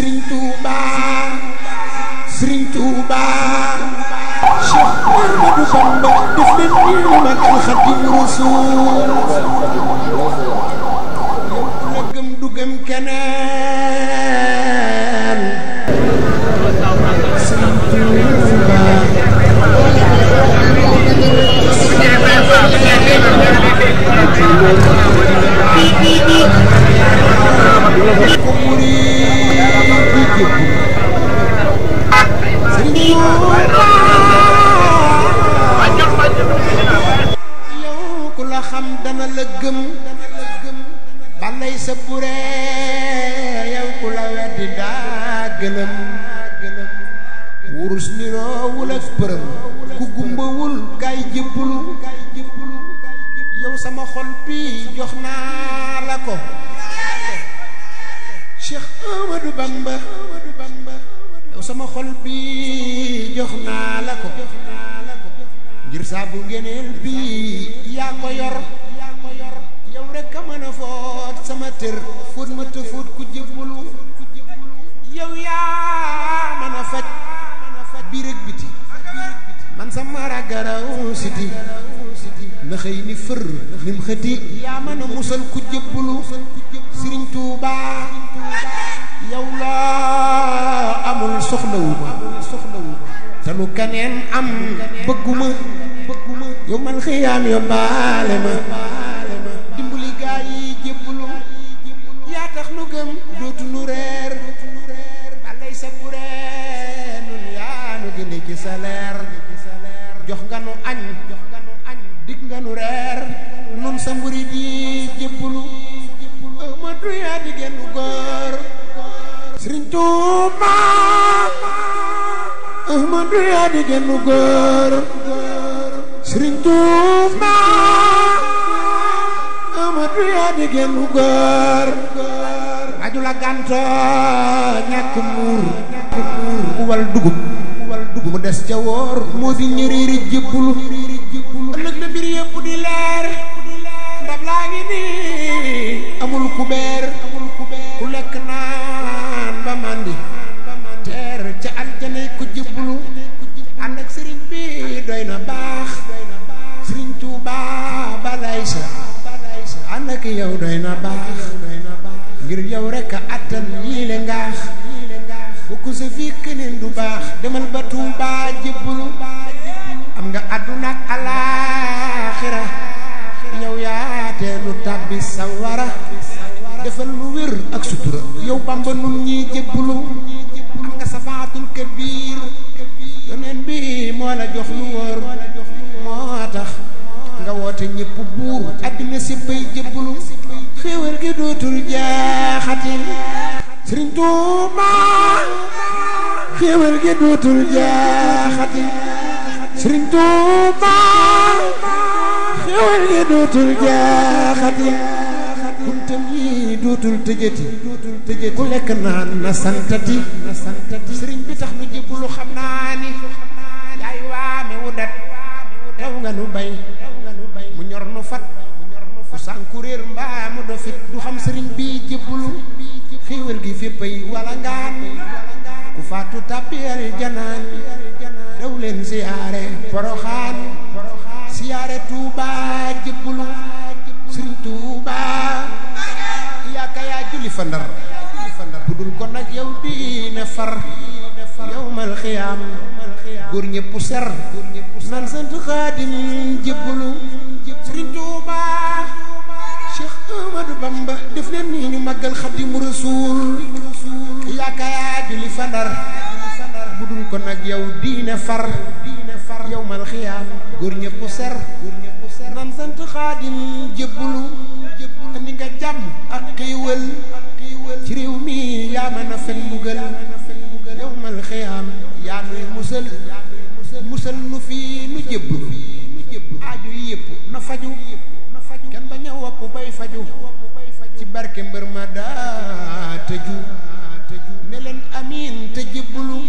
Serigne Touba Serigne Touba Cheikh Ahmadou Bamba def leen nii magal Xaadimu Rasuul la gëm du gëm keneen Serigne Touba borom dana la gëm balay sa ku la weddi daa gënam wurus niroowul ak përëm ku gumbawul kay jëbbulu yow xol bi sama xol bi jox naa la ko sabu ngeneel bi yaa ko yor yow rek a mën a foot sama tër fóot ma te fóot ku jëbbulu yow yaa mën a faj biir biti man sama ragaraw siti na xëy ni fër nim yaa mën a musal ku jëbbulu sëriñ tuubaa yow laa amul soxlawu te lu keneen am bëgguma bëgguma yow man xiyaam yo baale ma dimbali gaa yi jébbalu yaa tax nu gëm dootu nu reer balay sa bu nun yaa nu gindi ci sa leer jox nga nu añ dig nga nu reer nun sa mburit yi jébbalu ma du yaa di genn góor sëriñ Tuubaa du yaa di genn sëriñ Diouf maa amatu yaa di génn góor aju la gànto ñàkk muur ku wal dugub mu des ca woor moo di ñëriiri jëppulu ëllëg na mbir yëpp di leer Aisha anda ke yow doy na baax ngir yow rek attan lii le ngaax bu ko sa fii keneen du baax demal ba tuuba jébbalu am nga àdduna ak alaaxira yow yaatee lu tàbbi sa defal lu wér ak sutura yow bamba nun ñi jébbalu am nga safaatul kabiir yoneen bi moo la jox lu wóor te ñëpp buur àddina séppay jëbbulu xéewal gi dootul jaaxatin sëriñ Tuuba xéewal gi dootul jaaxatin sëriñ Tuuba xéewal gi dootul jaaxatin ku lekk naan na santati sëriñ bi tax nu jëbbulu xam naa gi fippay wala ngaan ku faatu tappiari janaan daw siyaare poroxaan siyaare tuuba jëbbulu sëriñ tuuba yaaka yaa julli fa ndar bu dul ko nag yow diine far yowmal góor ñëpp ser nan sant xaadim jëbbulu sëriñ tuuba Ahmadu Bamba def leen nii ñu màggal Xaadimu Rasuul yaakaar di li fa Ndar bu dul ko nag yow diine far yow mal xiyaam góor ñëpp ser nan sant Xaadim jébbalu ni nga jàmm ak xiiwal ci réew mi yaa ma a fen mbugal yow mal xiyaam yaa nuy musal musal nu fi nu jébbalu aaju yëpp na bay faju ci barke mbër ma daa tëju ne amin te jébbalu